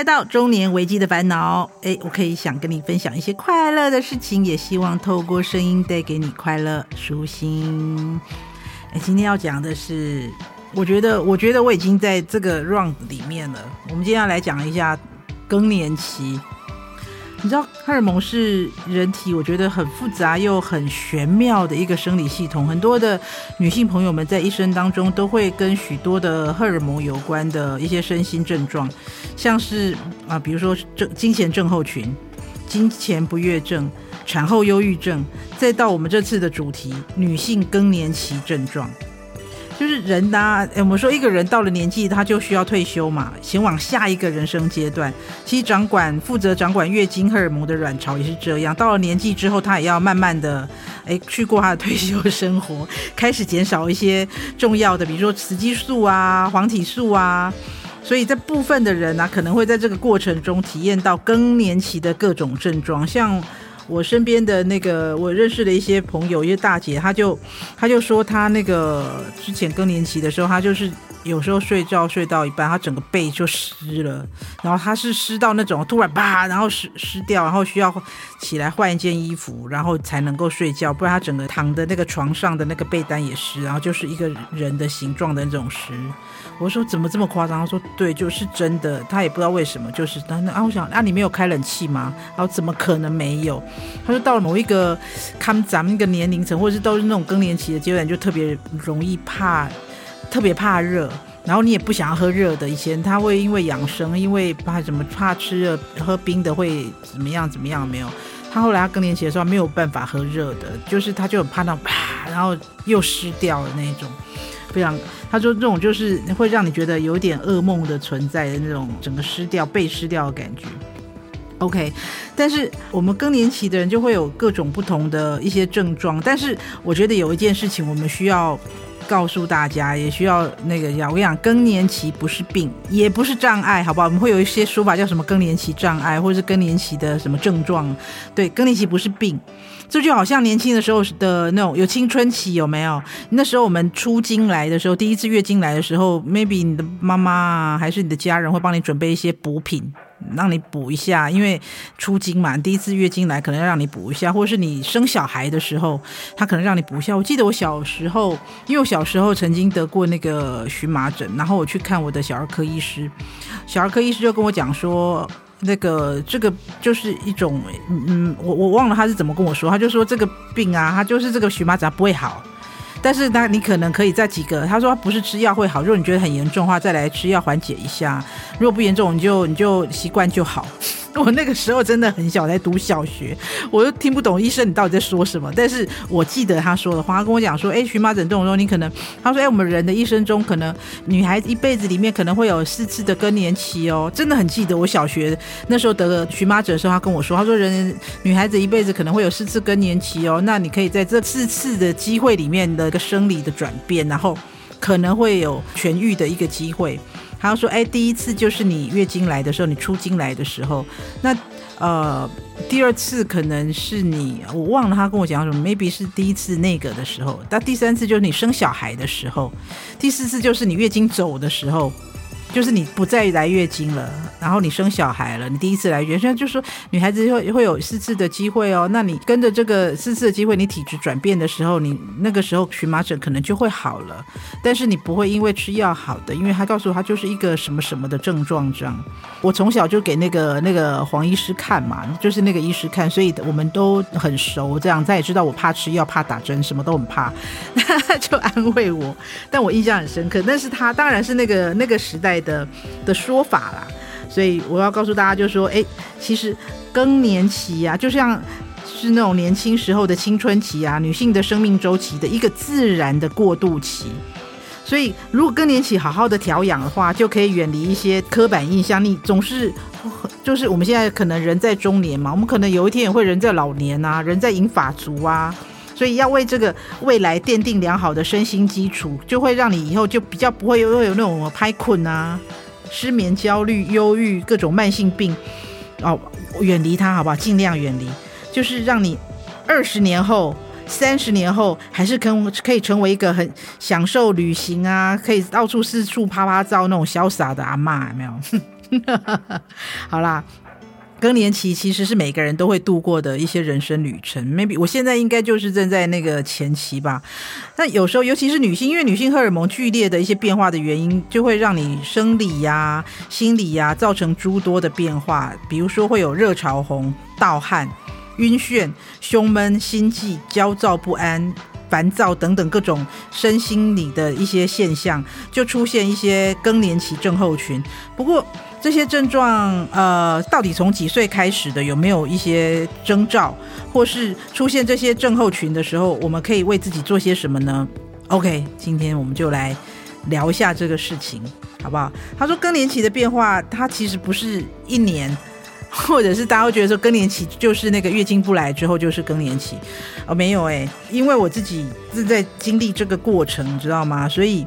來到中年危機的煩惱，哎，我可以想跟你分享一些快樂的事情，也希望透過聲音帶給你快樂舒心。哎，今天要講的是，我覺得，我覺得我已經在這個 round 裡面了。我們今天要來講一下更年期。你知道荷爾蒙是人體，我覺得很複雜又很玄妙的一個生理系統。很多的女性朋友們在一生當中都會跟許多的荷爾蒙有關的一些身心症狀，像是啊，比如說經前症候群、經前不悅症、產後憂鬱症，再到我們這次的主題——女性更年期症狀。就是人吶、啊欸，我們說一個人到了年紀，他就需要退休嘛，前往下一個人生階段。其實掌管負責掌管月經荷爾蒙的卵巢也是這樣，到了年紀之後，他也要慢慢的，哎、欸，去過他的退休生活，開始減少一些重要的，比如說雌激素啊、黃體素啊。所以這部分的人呢、啊，可能會在這個過程中體驗到更年期的各種症狀，像。我身邊的那個，我認識的一些朋友，一些大姐，她就，她就說她那個之前更年期的時候，她就是。有時候睡覺睡到一半，他整個背就濕了，然後他是濕到那種突然啪，然後濕濕掉，然後需要起來換一件衣服，然後才能夠睡覺，不然他整個躺的那個床上的那個被單也濕，然後就是一個人的形狀的那種濕。我說怎麼這麼誇張？他說對，就是真的。他也不知道為什麼，就是但那啊，我想啊，你沒有開冷氣嗎？然後怎麼可能沒有？他說到了某一個看咱們一個年齡層，或者是都是那種更年期的階段，就特別容易怕。特別怕熱，然後你也不想要喝熱的。以前他會因為養生，因為怕什麼，怕吃熱、喝冰的會怎麼樣怎麼樣。沒有，他後來他更年期的時候沒有辦法喝熱的，就是他就很怕到啪，然後又濕掉的那種，非常。他說這種就是會讓你覺得有點噩夢的存在的那種，整個濕掉、被濕掉的感覺。OK，但是我們更年期的人就會有各種不同的一些症狀，但是我覺得有一件事情我們需要告訴大家，也需要那個跟你講，我講，更年期不是病，也不是障礙，好不好？我們會有一些說法叫什麼更年期障礙，或者是更年期的什麼症狀？對，更年期不是病，這就好像年輕的時候的那種有青春期，有沒有？那時候我們初經來的時候，第一次月經來的時候，maybe 你的媽媽還是你的家人會幫你準備一些補品。讓你補一下，因為初經嘛，第一次月經來可能要讓你補一下，或者是你生小孩的時候，他可能讓你補一下。我記得我小時候，因為我小時候曾經得過那個蕁麻疹，然後我去看我的小兒科醫師，小兒科醫師就跟我講說，那個這個這個就是一種，嗯，我我忘了他是怎麼跟我說，他就說這個病啊，他就是這個蕁麻疹不會好。但是他，那你可能可以再幾個。他說他不是吃藥會好。如果你覺得很嚴重的話，再來吃藥緩解一下。如果不嚴重，你就你就習慣就好。我那個時候真的很小，在讀小學，我又聽不懂醫生你到底在說什麼。但是我記得他說的話，他跟我講說：“哎，蕁麻疹這種時候，你可能……他說，哎，我們人的一生中，可能女孩子一輩子裡面可能會有四次的更年期哦。”真的很記得我小學那時候得了蕁麻疹的時候，他跟我說：“他說人，人女孩子一輩子可能會有四次更年期哦，那你可以在這四次，次的機會裡面的一個生理的轉變，然後可能會有痊癒的一個機會。”他說，哎，第一次就是你月經來的時候，你初經來的時候，那呃，第二次可能是你我忘了，他跟我講什麼，maybe 是第一次那個的時候，那第三次就是你生小孩的時候，第四次就是你月經走的時候。就是你不再來月經了，然後你生小孩了，你第一次來月經，就是說女孩子會會有四次的機會哦。那你跟着這個四次的機會，你體質轉變的時候，你那個時候蕁麻疹可能就會好了。但是你不會因為吃藥好的，因為他告訴我，他就是一個什麼什麼的症狀這樣。我從小就給那個那個黃醫師看嘛，就是那個醫師看，所以我們都很熟這樣，他也知道我怕吃藥、怕打針，什麼都很怕，就安慰我。但我印象很深刻，但是他當然是那個那個時代的的說法啦，所以我要告訴大家，就是說，誒，其實更年期啊，就像是那種年輕時候的青春期啊，女性的生命週期的一個自然的過渡期。所以，如果更年期好好的調養的話，就可以遠離一些刻板印象。你總是，就是我們現在可能人在中年嘛，我們可能有一天也會人在老年啊，人在銀髮族啊。所以要為這個未來奠定良好的身心基礎，就會讓你以後就比較不會又有那種拍困啊、失眠、焦慮、憂鬱、各種慢性病哦，遠離它好不好？儘量遠離，就是讓你二十年後、三十年後還是可可以成為一個很享受旅行啊，可以到處四處啪啪照那種瀟灑的阿嬤，有沒有？ 好啦。更年期其實是每個人都會度過的一些人生旅程，maybe 我現在應該就是正在那個前期吧。但有時候，尤其是女性，因為女性荷爾蒙劇烈的一些變化的原因，就會讓你生理呀、啊、心理呀、啊、造成諸多的變化，比如說會有熱潮紅、盜汗、暈眩、胸悶、心悸、焦躁不安、煩躁等等各種身心理的一些現象，就出現一些更年期症候群。不過，這些症狀，呃，到底從幾歲開始的？有沒有一些徵兆，或是出現這些症候群的時候，我們可以為自己做些什麼呢？OK，今天我們就來聊一下這個事情，好不好？他說更年期的變化，它其實不是一年，或者是大家會覺得說更年期就是那個月經不來之後就是更年期，哦，沒有欸，因為我自己正在經歷這個過程，你知道嗎？所以。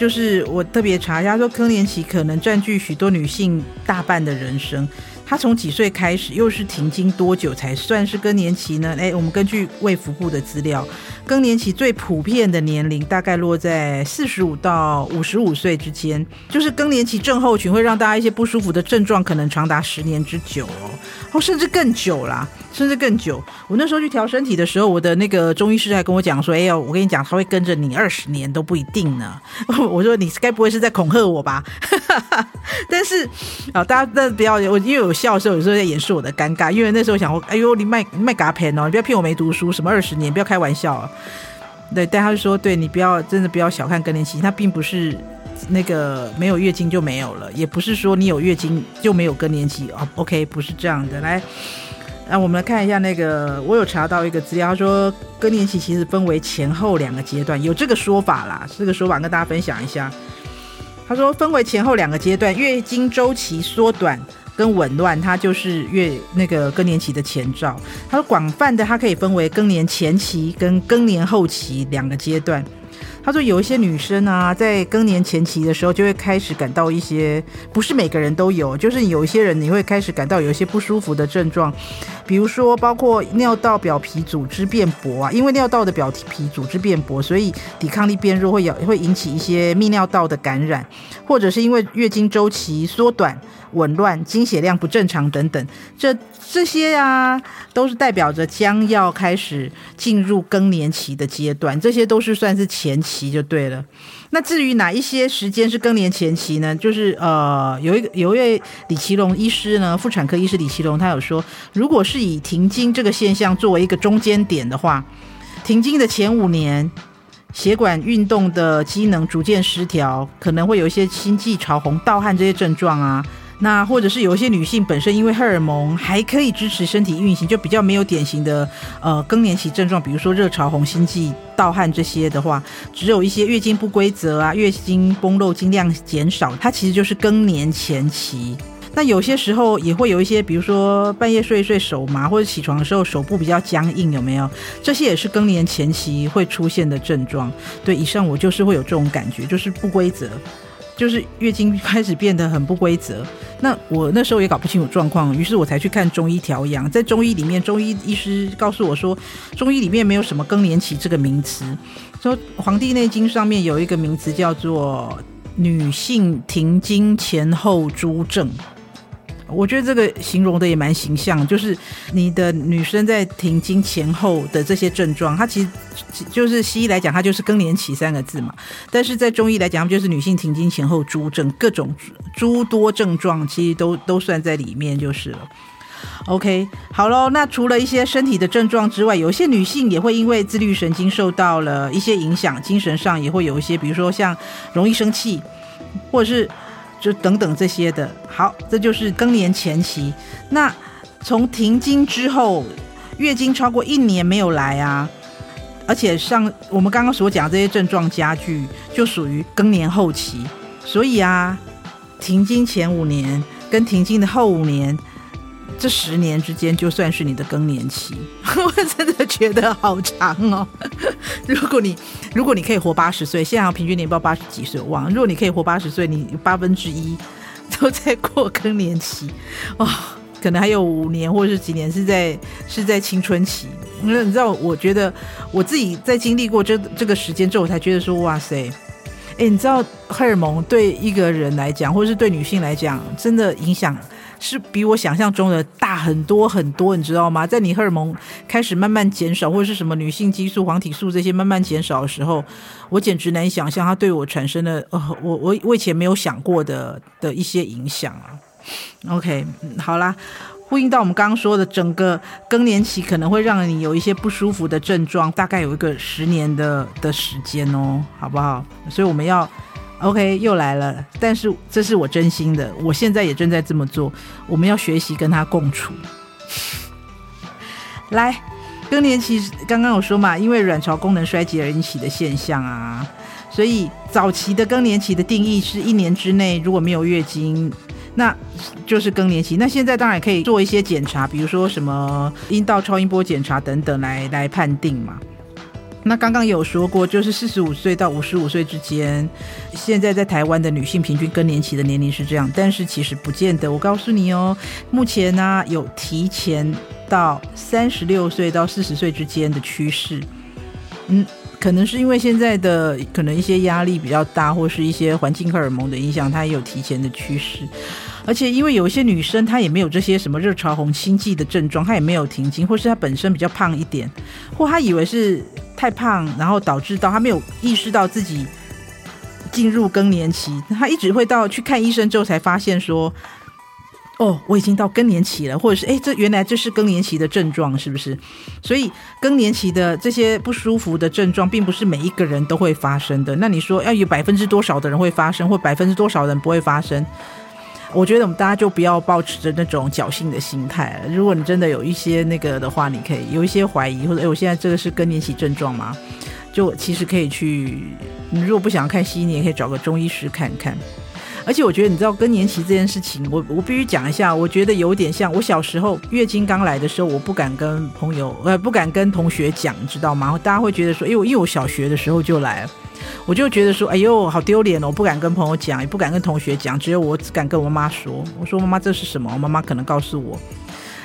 就是我特別查一下說，更年期可能佔據許多女性大半的人生。他從幾歲開始，又是停經多久才算是更年期呢？哎，我們根據衛福部的資料，更年期最普遍的年齡大概落在四十五到五十五歲之間。就是更年期症候群會讓大家一些不舒服的症狀，可能長達十年之久哦，哦，甚至更久啦，甚至更久。我那時候去調身體的時候，我的那個中醫師還跟我講說：“哎呦，我跟你講，他會跟着你二十年都不一定呢。 ”我說：“你該不會是在恐嚇我吧？” 但是啊、哦，大家那不要，我因為有。笑的時候，有時候在掩飾我的尷尬，因為那時候想我，哎呦，你賣你賣嘎潘哦，你不要騙我，沒讀書，什麼二十年，不要開玩笑、喔。對，但他就說，對你不要真的不要小看更年期，它並不是那個沒有月經就沒有了，也不是說你有月經就沒有更年期哦。Oh, OK，不是這樣的。來，那、啊、我們來看一下那個，我有查到一個資料，他說更年期其實分為前後兩個階段，有這個說法啦，這個說法跟大家分享一下。他說分為前後兩個階段，月經週期縮短。跟紊亂，它就是月那個更年期的前兆。它廣泛的，它可以分為更年前期跟更年後期兩個階段。他說有一些女生啊，在更年前期的時候，就會開始感到一些，不是每個人都有，就是有一些人你會開始感到有一些不舒服的症狀，比如說包括尿道表皮組織變薄啊，因為尿道的表皮組織變薄，所以抵抗力變弱，會有會引起一些泌尿道的感染，或者是因為月經週期縮短、紊亂、經血量不正常等等，這這些啊，都是代表着將要開始進入更年期的階段，這些都是算是前期。習就對了。那至於哪一些時間是更年前期呢？就是呃，有一個有一位李奇龍醫師呢，婦產科醫師李奇龍，他有說，如果是以停經這個現象作為一個中間點的話，停經的前五年，血管運動的機能逐漸失調，可能會有一些心悸、潮紅、盜汗這些症狀啊。那或者是有一些女性本身因為荷爾蒙還可以支持身體運行，就比較沒有典型的呃更年期症狀，比如說熱潮紅、心悸、盜汗這些的話，只有一些月經不規則啊、月經崩漏、經量減少，它其實就是更年前期。那有些時候也會有一些，比如說半夜睡一睡手麻，或者起床的時候手部比較僵硬，有沒有？這些也是更年前期會出現的症狀。對，以上我就是會有這種感覺，就是不規則。就是月經開始變得很不規則，那我那時候也搞不清楚狀況，於是我才去看中醫調養。在中醫裡面，中醫醫師告訴我說，中醫裡面沒有什麼更年期這個名詞，說《黃帝內經》上面有一個名詞叫做女性停經前後諸症。我覺得這個形容的也蠻形象，就是你的女生在停經前後的這些症狀，它其實就是西醫來講，它就是更年期三個字嘛。但是在中醫來講，就是女性停經前後諸症各種諸多症狀，其實都都算在裡面就是了。OK，好了。那除了一些身體的症狀之外，有些女性也會因為自律神經受到了一些影響，精神上也會有一些，比如說像容易生氣，或者是。就等等這些的。好，這就是更年前期。那從停經之後，月經超過一年沒有來啊，而且像我們剛剛所講這些症狀加劇，就屬於更年後期。所以啊，停經前五年跟停經的後五年，這十年之間就算是你的更年期，我真的覺得好長哦。如果你，如果你可以活八十歲，現在平均年齡八十幾歲，哇！如果你可以活八十歲，你八分之一都在過更年期，哇、哦！可能還有五年或者是幾年是在，是在青春期。因為你知道，我覺得我自己在經歷過，這這個時間之後，我才覺得說，哇塞，哎，你知道，荷爾蒙對一個人來講，或者是對女性來講，真的影響。是比我想象中的大很多很多，你知道嗎？在你荷爾蒙開始慢慢減少，或者是什麼女性激素、黃體素這些慢慢減少的時候，我簡直難以想象它對我產生了，呃，我我我以前沒有想過的的一些影響啊。OK，嗯，好啦，呼應到我們剛剛說的，整個更年期可能會讓你有一些不舒服的症狀，大概有一個十年的的時間哦，好不好？所以我們要。OK，又來了，但是這是我真心的，我現在也正在這麼做。我們要學習跟他共處。 來，更年期，剛剛有說嘛，因為卵巢功能衰竭而引起的現象啊，所以早期的更年期的定義是一年之內如果沒有月經，那就是更年期。那現在當然可以做一些檢查，比如說什麼陰道超音波檢查等等來，來來判定嘛。那剛剛有說過，就是四十五歲到五十五歲之間，現在在台灣的女性平均更年期的年齡是這樣，但是其實不見得。我告訴你哦，目前呢、啊、有提前到三十六歲到四十歲之間的趨勢。嗯，可能是因為現在的可能一些壓力比較大，或是一些環境荷爾蒙的影響，它也有提前的趨勢。而且因為有一些女生她也沒有這些什麼熱潮紅、心悸的症狀，她也沒有停經，或是她本身比較胖一點，或她以為是。太胖，然後導致到他沒有意識到自己進入更年期，他一直會到去看醫生之後才發現說：“哦，我已經到更年期了。”或者是“哎，這原來這是更年期的症狀，是不是？”所以更年期的這些不舒服的症狀，並不是每一個人都會發生的。那你說要有百分之多少的人會發生，或百分之多少人不會發生？我覺得我們大家就不要抱持着那種僥倖的心態。如果你真的有一些那個的話，你可以有一些懷疑，或者哎，我現在這個是更年期症狀嗎？就其實可以去，你如果不想看西醫，你也可以找個中醫師看看。而且我覺得，你知道更年期這件事情我，我我必須講一下。我覺得有點像我小時候月經剛來的時候，我不敢跟朋友，呃，不敢跟同學講，你知道嗎？大家會覺得說，因為我因為我小學的時候就來了，我就覺得說，哎呦，好丟臉哦，我不敢跟朋友講，也不敢跟同學講，只有我只敢跟我媽說。我說我媽媽，這是什麼？我媽媽可能告訴我。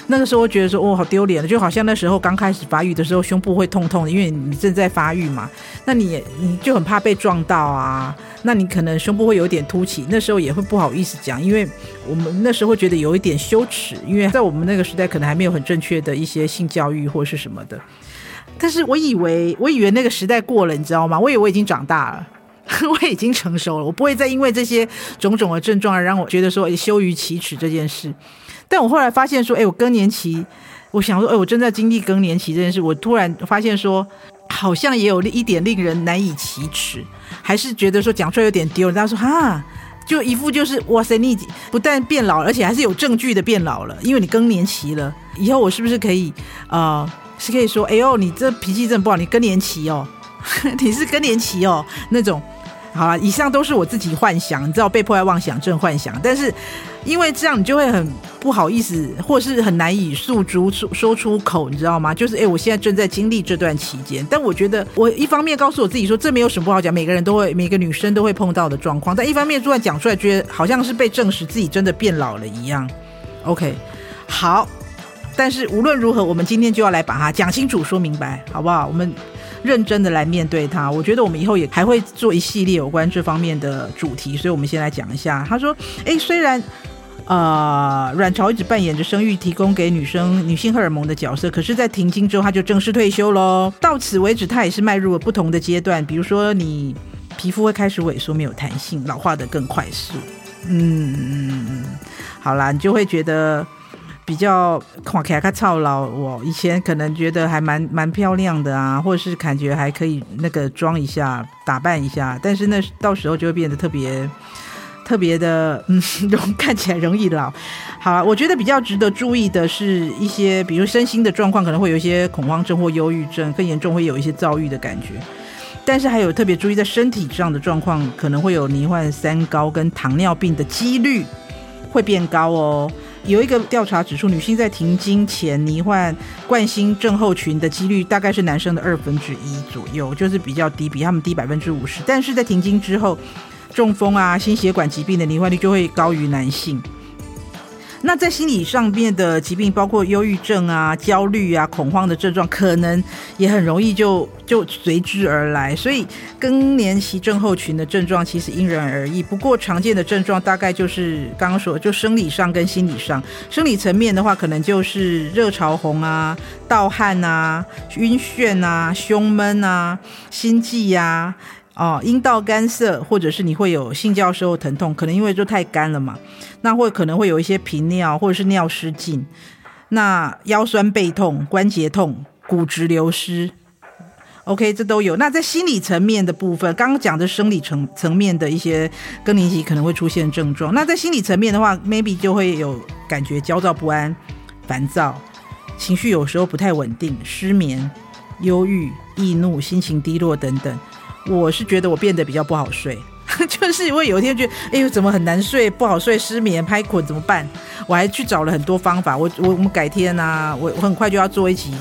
那個時候我覺得說，哦，好丟臉了，就好像那時候剛開始發育的時候，胸部會痛痛的，因為你正在發育嘛，那你你就很怕被撞到啊，那你可能胸部會有點凸起，那時候也會不好意思講，因為我們那時候會覺得有一點羞恥，因為在我們那個時代可能還沒有很正確的一些性教育或是什麼的，但是我以為我以為那個時代過了，你知道嗎？我以為我已經長大了。我已經成熟了，我不會再因為這些種種的症狀而讓我覺得說羞於啟齒這件事。但我後來發現說，哎，我更年期，我想說，哎，我正在經歷更年期這件事。我突然發現說，好像也有一點令人難以啟齒，還是覺得說講出來有點丟人。大家說哈、啊，就一副就是哇塞，你不但變老了，而且還是有證據的變老了，因為你更年期了。以後我是不是可以，呃，是可以說，哎呦，你這脾氣這麼不好，你更年期哦， 你是更年期哦，那種。好了、啊，以上都是我自己幻想，你知道，被迫害妄想症幻想。但是，因為這樣，你就會很不好意思，或是很難以訴諸說，說出口，你知道嗎？就是，哎，我現在正在經歷這段期間。但我覺得，我一方面告訴我自己說這沒有什麼不好講，每個人都會，每個女生都會碰到的狀況。但一方面突然講出來，覺得好像是被證實自己真的變老了一樣。OK，好。但是無論如何，我們今天就要來把它講清楚、說明白，好不好？我們。認真的來面對它，我覺得我們以後也還會做一系列有關這方面的主題，所以，我們先來講一下。他說：“誒、欸，雖然，呃，卵巢一直扮演着生育、提供給女生女性荷爾蒙的角色，可是，在停經之後，她就正式退休嘍。到此為止，她也是邁入了不同的階段。比如說，你皮膚會開始萎縮、沒有彈性，老化得更快速。嗯，好啦，你就會覺得。”比較看起來操勞，我以前可能覺得還蠻蠻漂亮的啊，或者是感覺還可以那個裝一下、打扮一下，但是那到時候就會變得特別特別的，嗯，看起來容易老。好，我覺得比較值得注意的是一些，比如身心的狀況，可能會有一些恐慌症或憂鬱症，更嚴重會有一些躁鬱的感覺。但是還有特別注意在身體上的狀況，可能會有罹患三高跟糖尿病的幾率會變高哦。有一個調查指出，女性在停經前罹患冠心症候群的幾率大概是男生的二分之一左右，就是比較低，比他們低百分之五十。但是在停經之後，中風啊、心血管疾病的罹患率就會高於男性。那在心理上面的疾病，包括憂鬱症啊、焦慮啊、恐慌的症狀，可能也很容易就就隨之而來。所以，更年期症候群的症狀其實因人而異。不過，常見的症狀大概就是剛剛說的，就生理上跟心理上。生理層面的話，可能就是熱潮紅啊、盜汗啊、暈眩啊、胸悶啊、心悸啊。哦，陰道乾澀，或者是你會有性交時候的疼痛，可能因為就太乾了嘛。那會可能會有一些頻尿或者是尿失禁。那腰酸背痛、關節痛、骨質流失，OK，這都有。那在心理層面的部分，剛剛講的生理層層面的一些更年期可能會出現症狀。那在心理層面的話，maybe 就會有感覺焦躁不安、煩躁，情緒有時候不太穩定、失眠、憂鬱、易怒、心情低落等等。我是覺得我變得比較不好睡，就是因為有一天覺得，哎、欸、呦，怎麼很難睡、不好睡、失眠、拍捆怎麼辦？我還去找了很多方法。我我我們改天啊，我我很快就要做一期，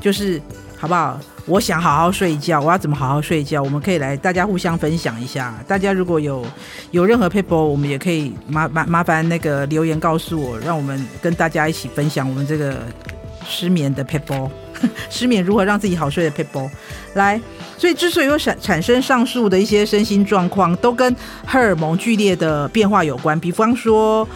就是好不好？我想好好睡覺，我要怎麼好好睡覺？我們可以來大家互相分享一下。大家如果有有任何撇步，我們也可以麻麻麻煩那個留言告訴我，讓我們跟大家一起分享我們這個失眠的撇步。 失眠如何讓自己好睡的撇步。來，所以之所以會產產生上述的一些身心狀況，都跟荷爾蒙劇烈的變化有關。比方說，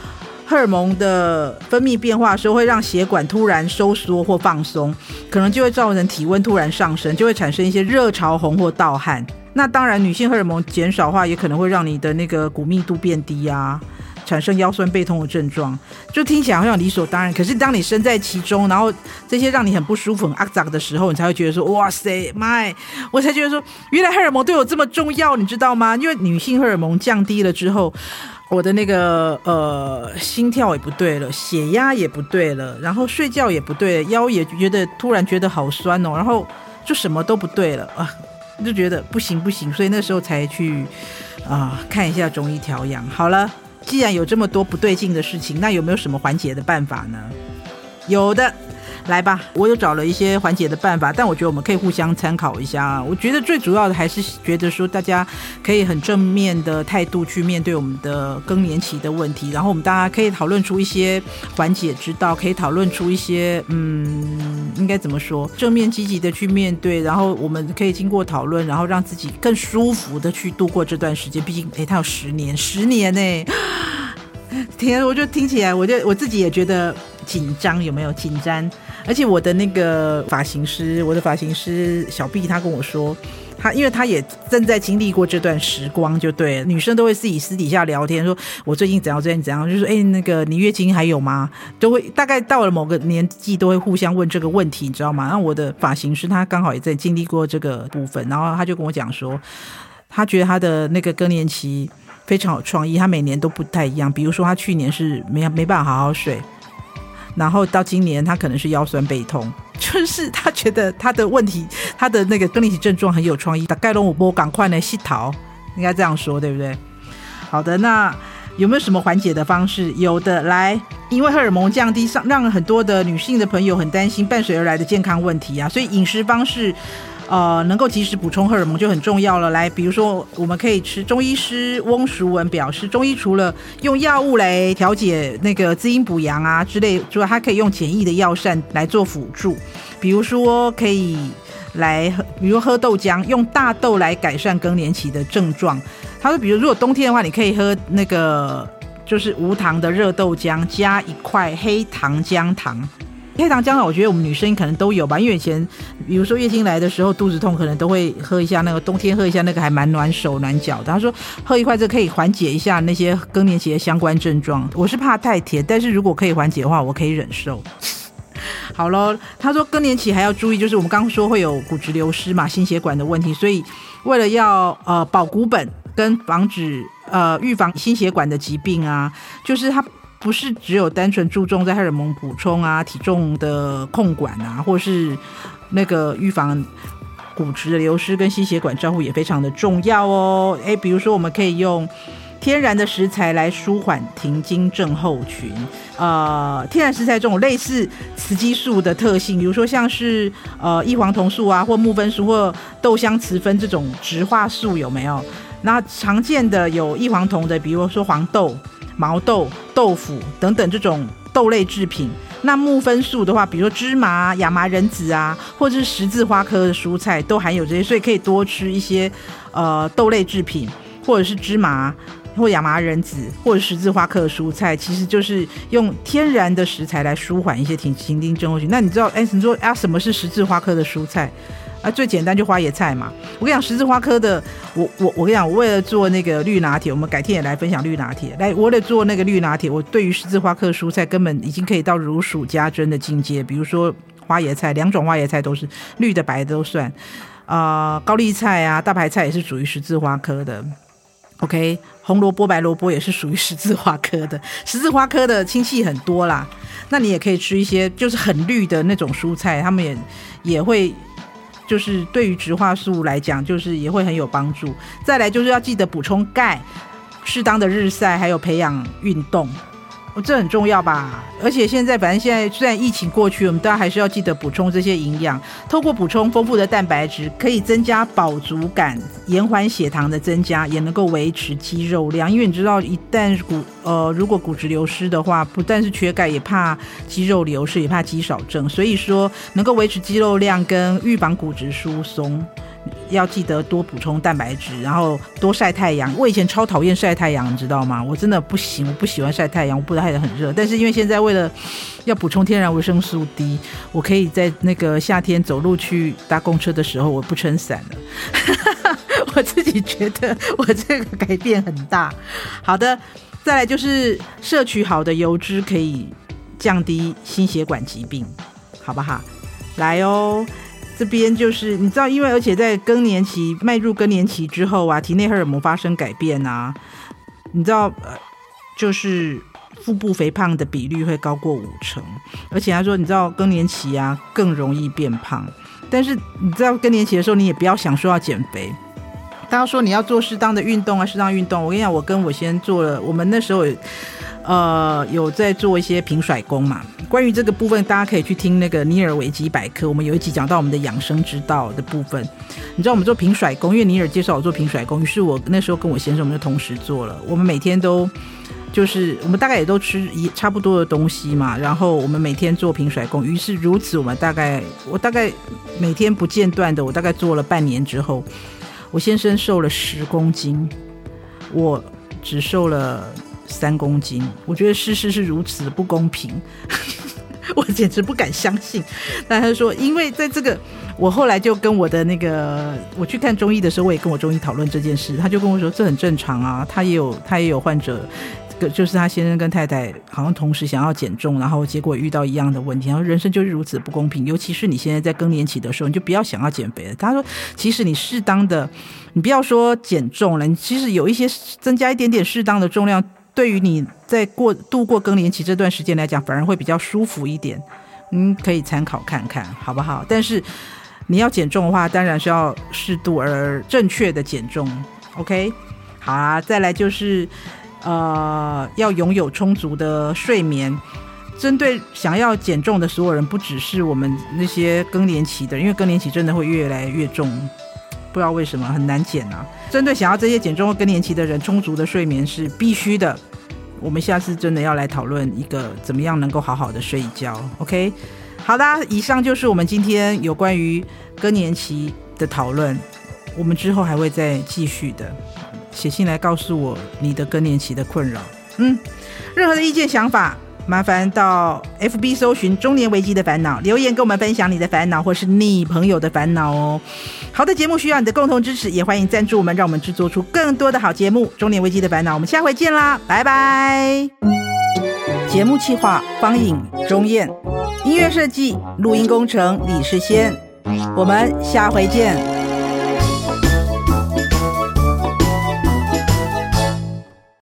荷爾蒙的分泌變化時候會讓血管突然收縮或放鬆，可能就會造成體溫突然上升，就會產生一些熱潮紅或盜汗。那當然，女性荷爾蒙減少的話，也可能會讓你的那個骨密度變低啊。產生腰酸背痛的症狀，就聽起來好像理所當然。可是當你身在其中，然後這些讓你很不舒服、很阿雜的時候，你才會覺得說：“哇塞，媽耶！”我才覺得說，原來荷爾蒙對我這麼重要，你知道嗎？因為女性荷爾蒙降低了之後，我的那個呃心跳也不對了，血壓也不對了，然後睡覺也不對了，腰也覺得突然覺得好酸哦，然後就什麼都不對了啊，就覺得不行不行，所以那時候才去啊看一下中醫調養好了。既然有這麼多不對勁的事情，那有沒有什麼緩解的辦法呢？有的。來吧，我有找了一些緩解的辦法，但我覺得我們可以互相參考一下。我覺得最主要的還是覺得說，大家可以很正面的態度去面對我們的更年期的問題，然後我們大家可以討論出一些緩解之道，可以討論出一些嗯，應該怎麼說？正面積極的去面對，然後我們可以經過討論，然後讓自己更舒服的去度過這段時間。畢竟，誒、欸，它有十年，十年呢、欸，天、啊，我就聽起來，我就我自己也覺得緊張，有沒有緊張？而且我的那個髮型師，我的髮型師小畢，他跟我說，他因為他也正在經歷過這段時光，就對，女生都會自己私底下聊天，說我最近怎樣怎樣怎樣，就是誒、欸，那個你月經還有嗎？都會大概到了某個年紀，都會互相問這個問題，你知道嗎？那我的髮型師他剛好也在經歷過這個部分，然後他就跟我講說，他覺得他的那個更年期非常有創意，他每年都不太一樣，比如說他去年是沒沒辦法好好睡。然後到今年，他可能是腰痠背痛，就是他覺得他的問題，他的那個更年期症狀很有創意。蓋隆武波，趕快來吸逃，應該這樣說，對不對？好的，那有沒有什麼緩解的方式？有的，來，因為荷爾蒙降低讓很多的女性的朋友很擔心伴隨而來的健康問題啊，所以飲食方式。呃，能夠及時補充荷爾蒙就很重要了。來，比如說，我們可以吃中醫師翁淑文表示，中醫除了用藥物來調節那個滋陰補陽啊之類之外，他可以用簡易的藥膳來做輔助。比如說，可以來，比如喝豆漿，用大豆來改善更年期的症狀。他說，比如說如果冬天的話，你可以喝那個就是無糖的熱豆漿，加一塊黑糖薑糖。黑糖薑茶，我覺得我們女生可能都有吧，因為以前，比如說月經來的時候肚子痛，可能都會喝一下那個，冬天喝一下那個還蠻暖手暖腳的。他說喝一塊這可以緩解一下那些更年期的相關症狀。我是怕太甜，但是如果可以緩解的話，我可以忍受。 好嘍，他說更年期還要注意，就是我們剛說會有骨質流失嘛，心血管的問題，所以為了要呃保骨本跟防止呃預防心血管的疾病啊，就是他。不是只有單純注重在荷爾蒙補充啊、體重的控管啊，或是那個預防骨質的流失，跟心血管照顧也非常的重要哦。哎，比如說我們可以用天然的食材來舒緩停經症候群。呃，天然食材這種類似雌激素的特性，比如說像是呃異黃酮素啊，或木酚素或豆香雌酚這種植化素有沒有？那常見的有異黃酮的，比如說黃豆。毛豆、豆腐等等這種豆類製品，那木酚素的話，比如說芝麻、啊、亞麻仁籽啊，或者是十字花科的蔬菜，都含有這些，所以可以多吃一些，呃，豆類製品，或者是芝麻或亞麻仁籽，或者十字花科的蔬菜，其實就是用天然的食材來舒緩一些停經症候群。那你知道，哎，你說啊，什麼是十字花科的蔬菜？啊，最簡單就花椰菜嘛。我跟你講，十字花科的，我我我跟你講，我為了做那個綠拿鐵，我們改天也來分享綠拿鐵。來，我為了做那個綠拿鐵，我對於十字花科的蔬菜根本已經可以到如數家珍的境界。比如說花椰菜，兩種花椰菜都是綠的、白的都算。啊、呃，高麗菜啊，大白菜也是屬於十字花科的。OK，紅蘿蔔、白蘿蔔也是屬於十字花科的。十字花科的親戚很多啦。那你也可以吃一些就是很綠的那種蔬菜，他們也也會。就是對於植化素來講，就是也會很有幫助。再來就是要記得補充鈣，適當的日曬，還有培養運動。哦，這很重要吧？而且現在，反正現在雖然疫情過去，我們大家還是要記得補充這些營養。透過補充豐富的蛋白質，可以增加飽足感，延緩血糖的增加，也能夠維持肌肉量。因為你知道，一旦骨呃如果骨質流失的話，不但是缺鈣，也怕肌肉流失，也怕肌少症。所以說，能夠維持肌肉量跟預防骨質疏鬆。要記得多補充蛋白質，然後多曬太陽。我以前超討厭曬太陽，你知道嗎？我真的不行，我不喜歡曬太陽，我曬太得很熱。但是因為現在為了要補充天然維生素 D，我可以在那個夏天走路去搭公車的時候，我不撐傘了。 我自己覺得我這個改變很大。好的，再來就是攝取好的油脂可以降低心血管疾病，好不好？來哦。這邊就是你知道，因為而且在更年期邁入更年期之後啊，體內荷爾蒙發生改變啊，你知道，呃，就是腹部肥胖的比率會高過五成，而且他說，你知道更年期啊更容易變胖，但是你知道更年期的時候，你也不要想說要減肥，大家說你要做適當的運動啊，適當運動。我跟你講，我跟我先生做了，我們那時候。呃，有在做一些平甩功嘛？關於這個部分，大家可以去聽那個尼爾維基百科。我們有一集講到我們的養生之道的部分。你知道我們做平甩功，因為尼爾介紹我做平甩功，於是我那時候跟我先生我們就同時做了。我們每天都就是我們大概也都吃差不多的東西嘛。然後我們每天做平甩功，於是如此，我們大概我大概每天不間斷的，我大概做了半年之後，我先生瘦了十公斤，我只瘦了，三公斤，我覺得事實是如此不公平， 我簡直不敢相信。但他說，因為在這個，我後來就跟我的那個，我去看中醫的時候，我也跟我中醫討論這件事。他就跟我說，這很正常啊。他也有，他也有患者，這個、就是他先生跟太太好像同時想要減重，然後結果遇到一樣的問題。然後人生就是如此不公平，尤其是你現在在更年期的時候，你就不要想要減肥了。他說，其實你適當的，你不要說減重了，你其實有一些增加一點點適當的重量。對於你在過度過更年期這段時間來講，反而會比較舒服一點，嗯，可以參考看看，好不好？但是你要減重的話，當然是要適度而正確的減重，OK？好啊，再來就是，呃，要擁有充足的睡眠。針對想要減重的所有人，不只是我們那些更年期的，因為更年期真的會越來越重。不知道為什麼很難減啊！針對想要這些減重或更年期的人，充足的睡眠是必須的。我們下次真的要來討論一個怎麼樣能夠好好的睡一覺。OK，好啦，以上就是我們今天有關於更年期的討論。我們之後還會再繼續的。寫信來告訴我你的更年期的困擾，嗯，任何的意見、想法。麻煩到 FB 搜尋“中年危機的煩惱”，留言跟我們分享你的煩惱，或是你朋友的煩惱哦。好的節目需要你的共同支持，也歡迎贊助我們，讓我們制作出更多的好節目。中年危機的煩惱，我們下回見啦，拜拜。節目企劃：方穎、鍾燕；音樂設計、錄音工程：李世先，我們下回見。